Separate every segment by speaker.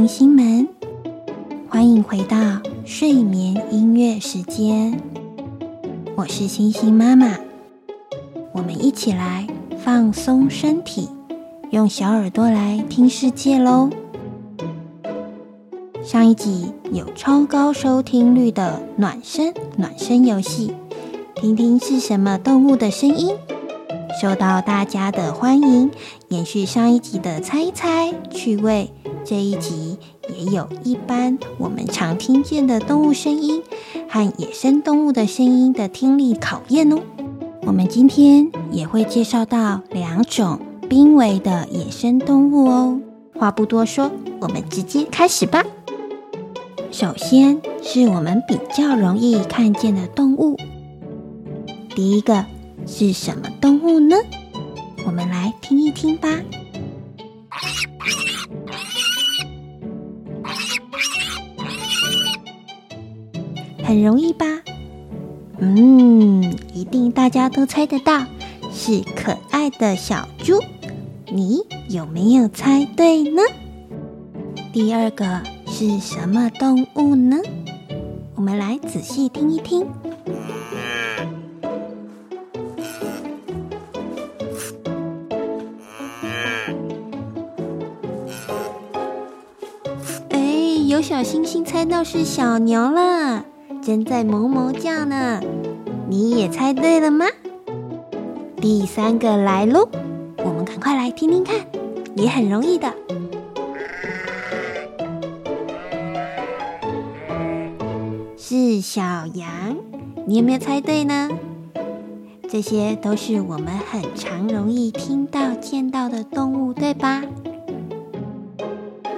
Speaker 1: 星星們，歡迎回到睡眠音樂時間。我是星星媽媽，我們一起來放鬆身體，用小耳朵來聽世界嘍。上一集有超高收聽率的暖聲暖身遊戲，聽聽是什麼動物的聲音，受到大家的歡迎。延續上一集的猜一猜趣味，這一集也有一般我們常聽見的動物聲音和野生動物的聲音的聽力考驗哦。我們今天也會介紹到兩種瀕危的野生動物哦。話不多說，我們直接開始吧。首先是我們比較容易看見的動物，第一個是什麼動物呢？我們來聽一聽吧，很容易吧？嗯，一定大家都猜得到，是可愛的小豬。你有沒有猜對呢？第二個是什麼動物呢？我們來仔細聽一聽。小星星猜到是小牛了，正在哞哞叫呢。你也猜對了嗎？第三個來嘍，我們趕快來聽聽看，也很容易的。是小羊，你有沒有猜對呢？這些都是我們很常容易聽到、見到的動物，對吧？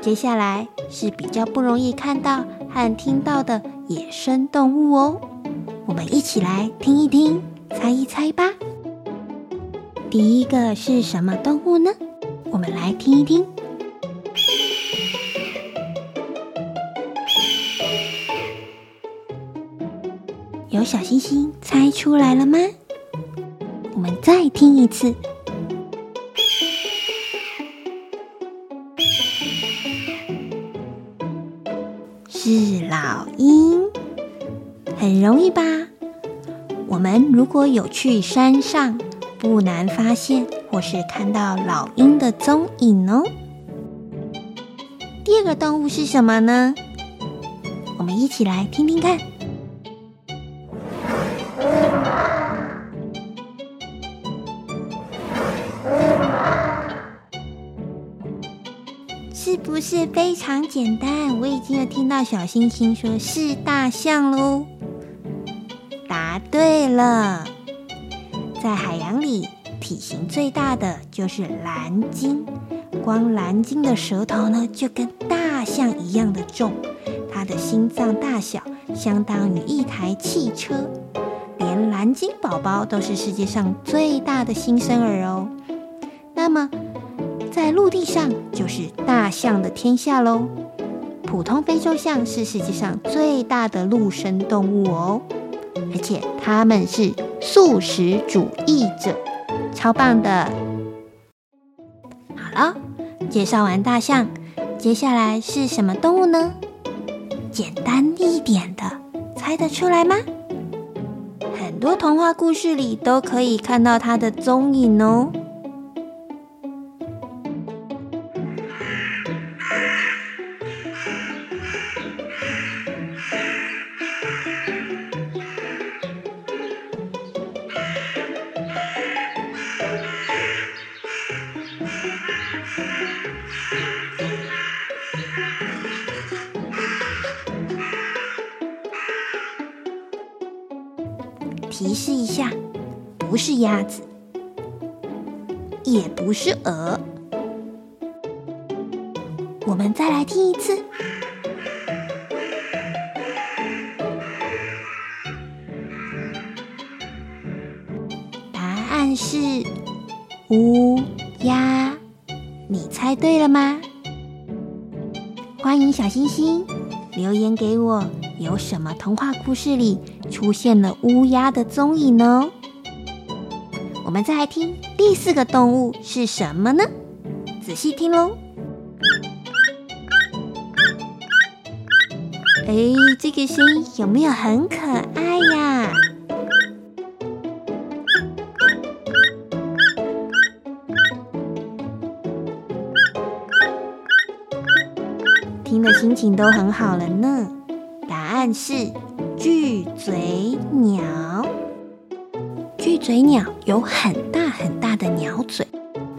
Speaker 1: 接下來是比較不容易看到和聽到的野生動物哦，我們一起來聽一聽，猜一猜吧。第一個是什麼動物呢？我們來聽一聽。有小星星猜出來了嗎？我們再聽一次。如果有去山上，不難發現或是看到老鷹的蹤影哦。第二個動物是什麼呢？我們一起來聽聽看。是不是非常簡單？我已經有聽到小星星說是大象嘍。對了，在海洋裡，體型最大的就是藍鯨，光藍鯨的舌頭呢，就跟大象一樣的重，它的心臟大小相當於一台汽車，連藍鯨寶寶都是世界上最大的新生兒哦。那麼，在陸地上就是大象的天下嘍，普通非洲象是世界上最大的陸生動物哦。而且他們是素食主義者，超棒的！好了，介紹完大象，接下來是什麼動物呢？簡單一點的，猜得出來嗎？很多童話故事裡都可以看到它的蹤影哦。是鵝，我們再來聽一次。答案是烏鴉，你猜對了嗎？歡迎小星星留言給我，有什麼童話故事裡出現了烏鴉的蹤影呢？我們再來聽第四個動物是什麼呢？仔細聽嘍！哎，這個聲音有沒有很可愛呀？聽的心情都很好了呢。答案是巨嘴鳥。嘴鳥有很大很大的鳥嘴，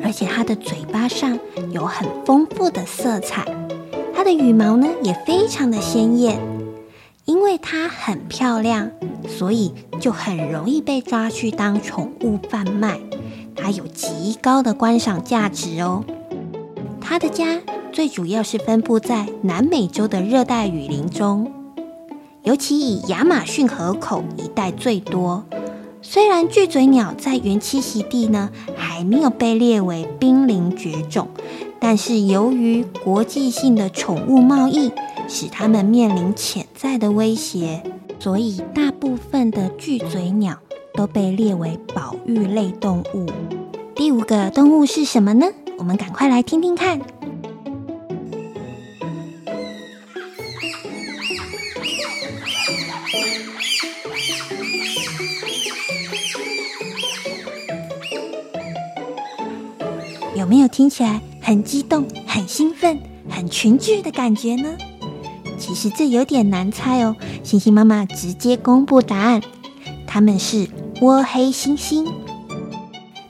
Speaker 1: 而且它的嘴巴上有很豐富的色彩，它的羽毛呢也非常的鮮豔。因為它很漂亮，所以就很容易被抓去當寵物販賣。它有極高的觀賞價值哦。它的家最主要是分布在南美洲的熱帶雨林中，尤其以亞馬遜河口一帶最多。雖然巨嘴鳥在原棲息地呢，還沒有被列為瀕臨絕種，但是由於國際性的寵物貿易使它們面臨潛在的威脅，所以大部分的巨嘴鳥都被列為保育類動物。第五個動物是什麼呢？我們趕快來聽聽看。有沒有聽起來很激動、很興奮、很群聚的感覺呢？其實這有點難猜哦。星星媽媽直接公布答案：他們是倭黑猩猩。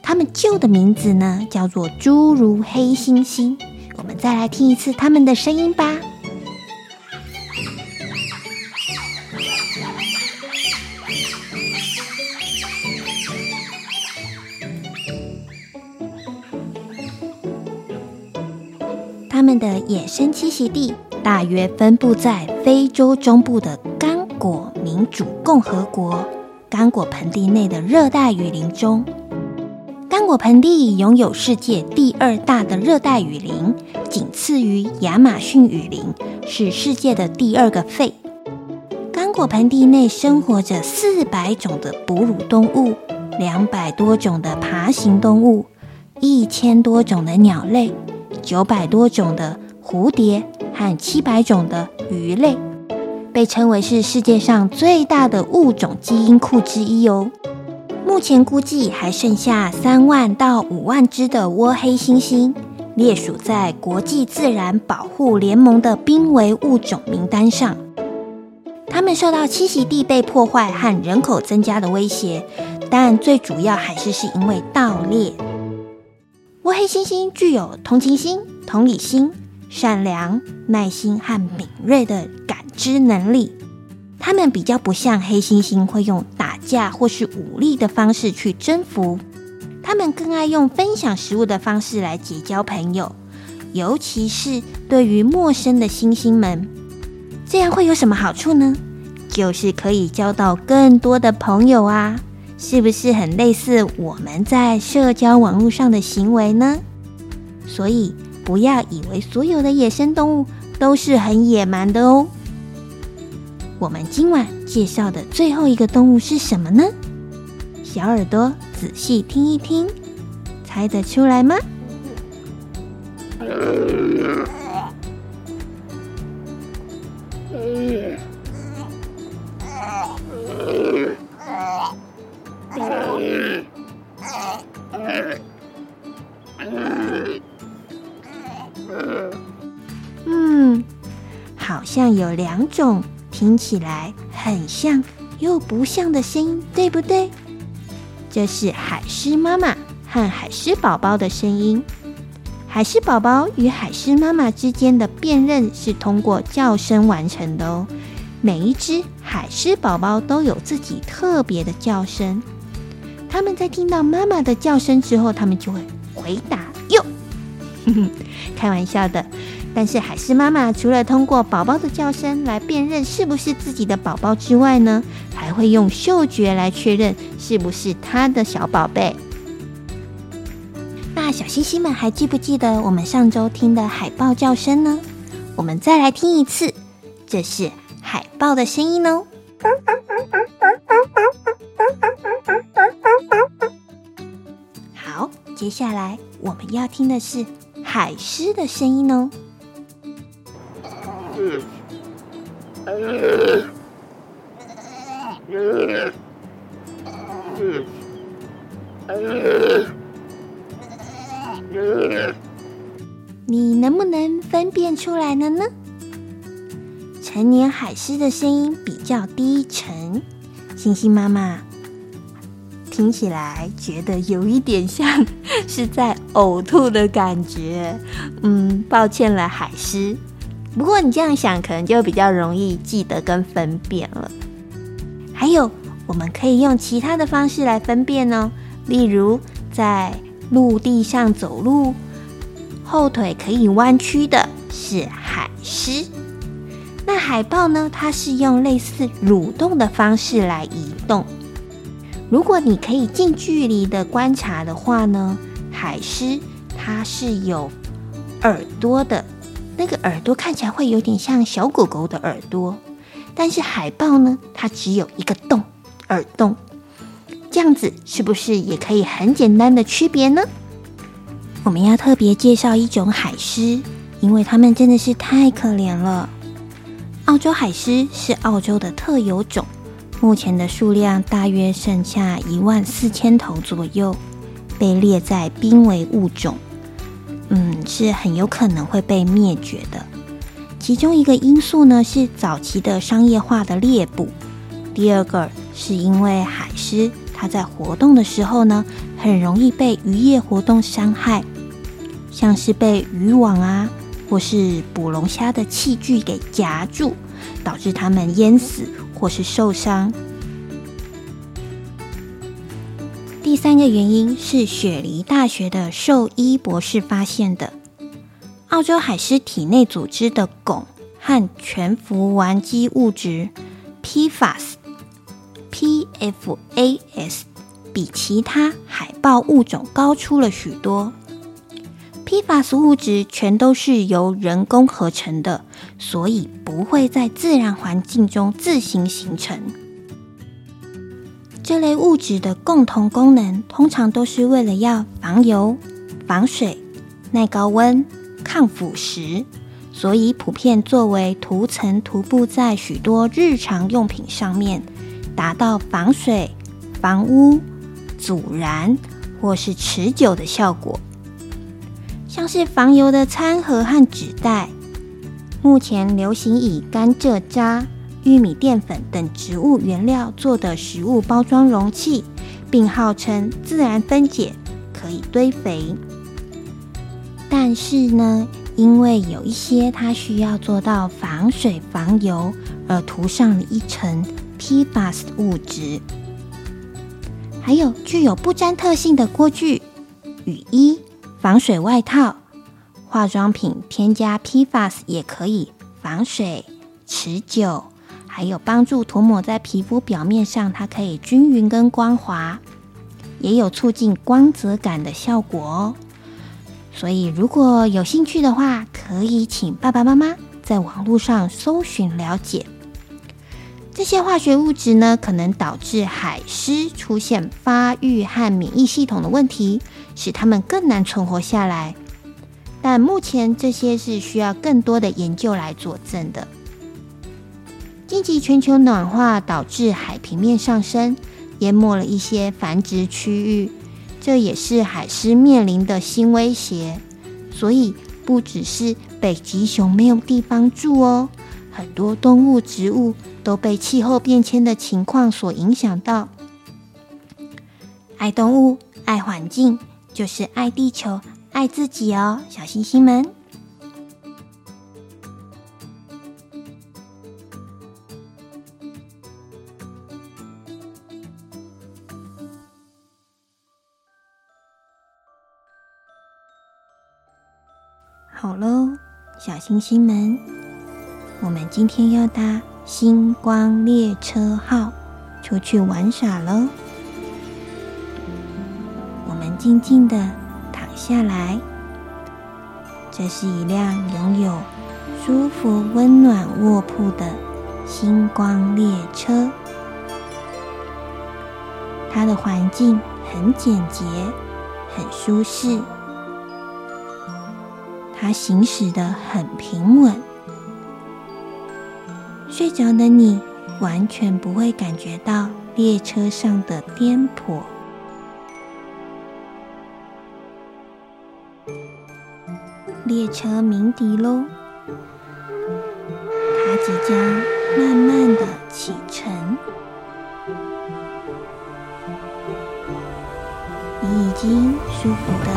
Speaker 1: 他們舊的名字呢，叫做侏儒黑猩猩。我們再來聽一次他們的聲音吧。野生棲息地大約分布在非洲中部的剛果民主共和國剛果盆地內的熱帶雨林中。剛果盆地擁有世界第二大的熱帶雨林，僅次於亞馬遜雨林，是世界的第二個肺。剛果盆地內生活着四百種的哺乳動物，兩百多種的爬行動物，一千多種的鳥類，九百多種的。蝴蝶和七百種的魚類，被稱為是世界上最大的物種基因庫之一哦。目前估計還剩下三萬到五萬隻的倭黑猩猩，列屬在國際自然保護聯盟的瀕危物種名單上。它們受到棲息地被破壞和人口增加的威脅，但最主要還是是因為盜獵。倭黑猩猩具有同情心、同理心。善良、耐心和敏銳的感知能力，他們比較不像黑猩猩會用打架或是武力的方式去征服，他們更愛用分享食物的方式來結交朋友，尤其是對於陌生的猩猩們。這樣會有什麼好處呢？就是可以交到更多的朋友啊！是不是很類似我們在社交網絡上的行為呢？所以。不要以為所有的野生動物都是很野蠻的哦。我們今晚介紹的最後一個動物是什麼呢？小耳朵仔細聽一聽，猜得出來嗎？嗯嗯嗯嗯兩種聽起來很像又不像的聲音，對不對？這是海獅媽媽和海獅寶寶的聲音。海獅寶寶與海獅媽媽之間的辨認是通過叫聲完成的哦。每一隻海獅寶寶都有自己特別的叫聲。他們在聽到媽媽的叫聲之後，他們就會回答喲，哼哼。開玩笑的。但是海獅媽媽除了通過寶寶的叫聲來辨認是不是自己的寶寶之外呢，還會用嗅覺來確認是不是它的小寶貝。那小星星們還記不記得我們上周聽的海豹叫聲呢？我們再來聽一次，這是海豹的聲音哦。好，接下來我們要聽的是海獅的聲音哦。你能不能分辨出來了呢？成年海獅的聲音比較低沉，星星媽媽聽起來覺得有一點像是在嘔吐的感覺。嗯，抱歉了，海獅。不過你這樣想，可能就比較容易記得跟分辨了。還有，我們可以用其他的方式來分辨哦，例如在陸地上走路，後腿可以彎曲的是海獅。那海豹呢？它是用類似蠕動的方式來移動。如果你可以近距離的觀察的話呢，海獅它是有耳朵的。那個耳朵看起來會有點像小狗狗的耳朵，但是海豹呢，它只有一個洞，耳洞。這樣子是不是也可以很簡單的區別呢？我們要特別介紹一種海獅，因為它們真的是太可憐了。澳洲海獅是澳洲的特有種，目前的數量大約剩下一萬四千頭左右，被列在瀕危物種。是很有可能會被滅絕的。其中一個因素呢，是早期的商業化的獵捕，第二個是因為海獅它在活動的時候呢，很容易被漁業活動傷害，像是被漁網啊或是捕龍蝦的器具給夾住，導致它們淹死或是受傷。三個原因是雪梨大學的獸醫博士發現的，澳洲海獅體內組織的汞和全氟烷基物質 （PFAS）PFAS PFAS，比其他海豹物種高出了許多。PFAS 物質全都是由人工合成的，所以不會在自然環境中自行形成。這類物質的共同功能，通常都是為了要防油、防水、耐高溫、抗腐蝕，所以普遍作為塗層塗布在許多日常用品上面，達到防水、防汙、阻燃或是持久的效果。像是防油的餐盒和紙袋，目前流行以甘蔗渣。玉米澱粉等植物原料做的食物包裝容器，並號稱自然分解，可以堆肥。但是呢，因為有一些它需要做到防水防油，而塗上了一層 PFAS 物質。還有具有不粘特性的鍋具、雨衣、防水外套、化妝品添加 PFAS 也可以防水持久。還有幫助塗抹在皮膚表面上，它可以均勻跟光滑，也有促進光澤感的效果哦。所以如果有興趣的話，可以請爸爸媽媽在網絡上搜尋了解。這些化學物質呢，可能導致海獅出現發育和免疫系統的問題，使它們更難存活下來。但目前這些是需要更多的研究來佐證的。以及全球暖化導致海平面上升，淹沒了一些繁殖區域，這也是海獅面臨的新威脅。所以，不只是北極熊沒有地方住哦，很多動物、植物都被氣候變遷的情況所影響到。愛動物、愛環境，就是愛地球、愛自己哦，小星星們。星星們，我們今天要搭星光列車號出去玩耍咯。我們靜靜的躺下來，這是一輛擁有舒服溫暖臥鋪的星光列車。它的環境很簡潔，很舒適。它行駛的很平穩，睡着的你完全不會感覺到列車上的顛簸。列車鳴笛嘍，它即將慢慢的啟程。你已經舒服的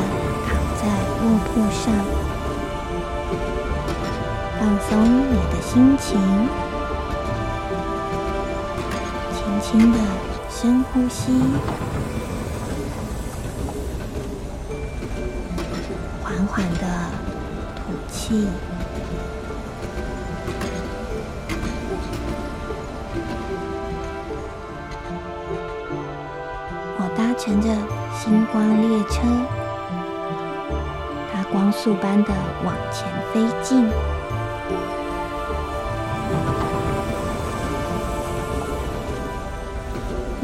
Speaker 1: 躺在臥鋪上。鬆你的心情，輕輕的深呼吸，緩緩的吐氣。我搭乘着星光列車，它光速般的往前飛進。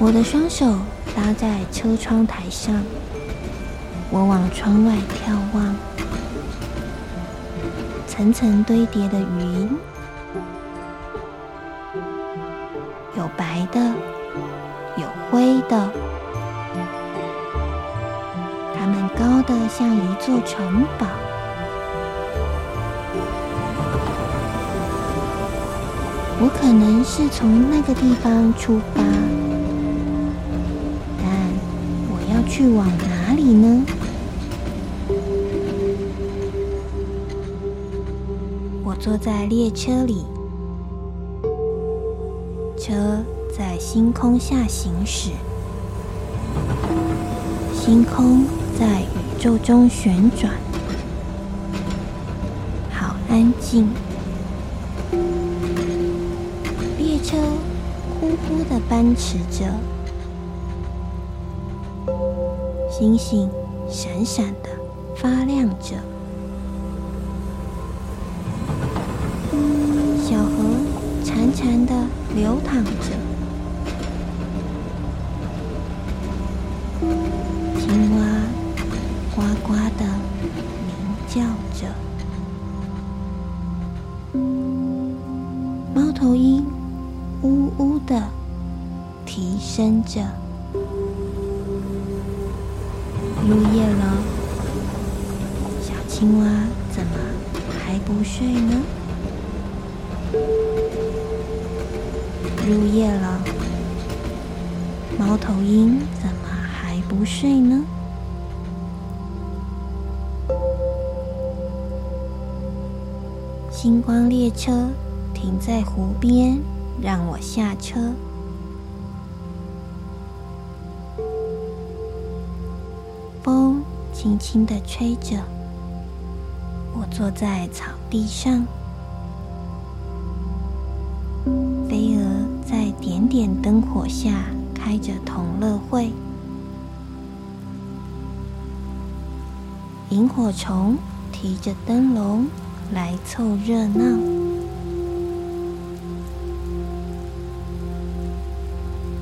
Speaker 1: 我的雙手搭在車窗台上，我往窗外眺望，層層堆疊的雲，有白的，有灰的，它們高得像一座城堡。我可能是從那個地方出發。去往哪裡呢？我坐在列車裡，車在星空下行駛，星空在宇宙中旋轉，好安靜。列車呼呼的奔馳着。星星閃閃的發亮着，小河潺潺的流淌着，青蛙呱呱呱的鳴叫着，貓頭鷹嗚嗚的啼聲着。入夜了，小青蛙怎麼還不睡呢？入夜了，貓頭鷹怎麼還不睡呢？星光列車停在湖邊，讓我下車。輕輕地吹着，我坐在草地上，飛蛾在點點燈火下開着同樂會，螢火蟲提着燈籠來湊熱鬧。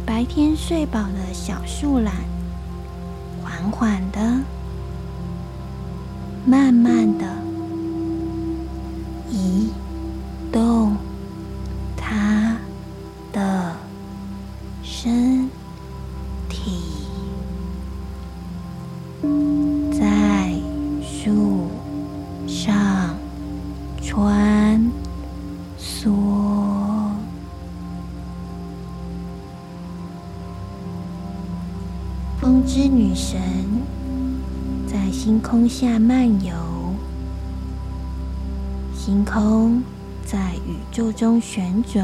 Speaker 1: 白天睡飽的小樹懶，緩緩的。慢慢的。下漫遊，星空在宇宙中旋轉，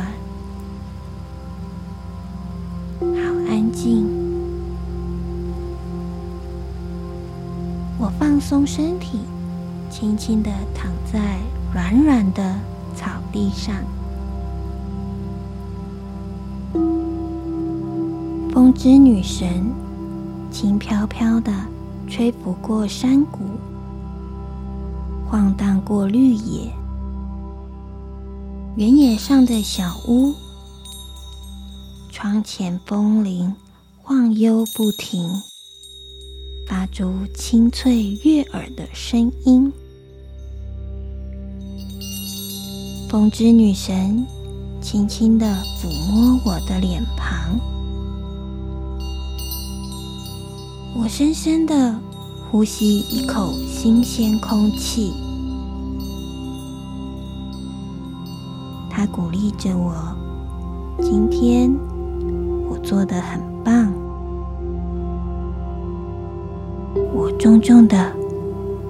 Speaker 1: 好安靜。我放鬆身體，輕輕的躺在軟軟的草地上，風之女神輕飄飄的。吹拂過山谷，晃蕩過綠野，原野上的小屋，窗前風鈴晃悠不停，發出清脆悅耳的聲音。風之女神輕輕地撫摸我的臉龐。我深深的呼吸一口新鮮空氣，它鼓勵着我。今天我做的很棒，我重重的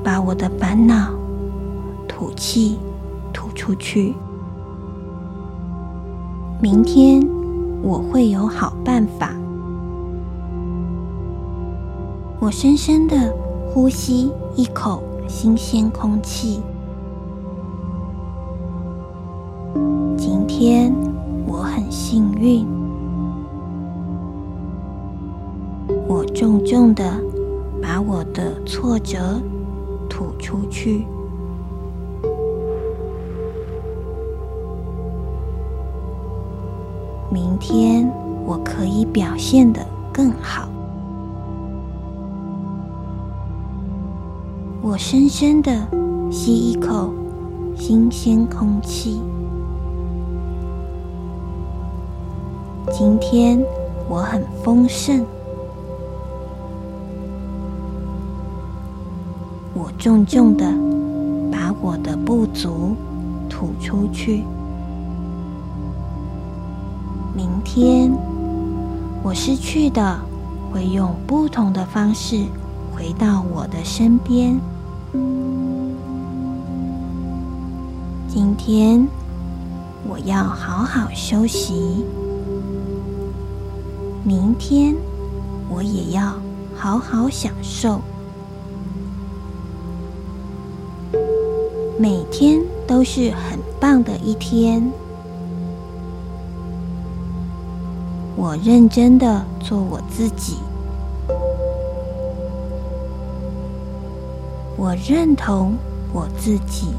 Speaker 1: 把我的煩惱吐氣吐出去。明天我會有好辦法。我深深的呼吸一口新鮮空氣。今天我很幸運，我重重的把我的挫折吐出去。明天我可以表現得更好。我深深的吸一口新鮮空氣。今天我很豐盛。我重重的把我的不足吐出去。明天我失去的會用不同的方式回到我的身邊。今天我要好好休息，明天我也要好好享受。每天都是很棒的一天，我認真的做我自己。我認同我自己，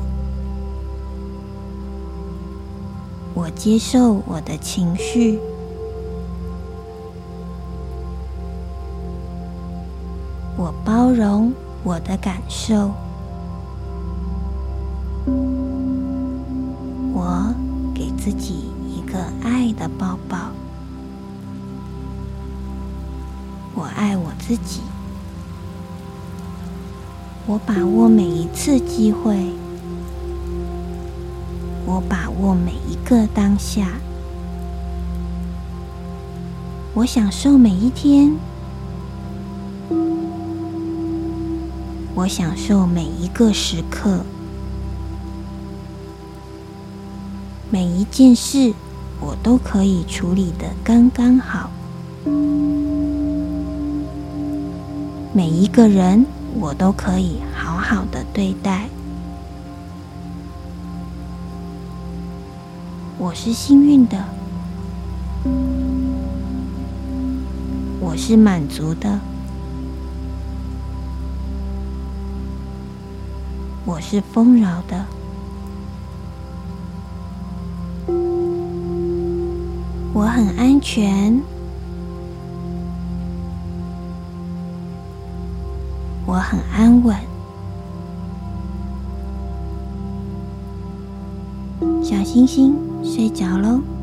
Speaker 1: 我接受我的情緒，我包容我的感受，我給自己一個愛的抱抱，我愛我自己。我把握每一次機會，我把握每一個當下，我享受每一天，我享受每一個時刻，每一件事我都可以處理得剛剛好，每一個人。我都可以好好的對待，我是幸運的，我是滿足的，我是豐饒的，我很安全。我很安穩，小星星睡着嘍。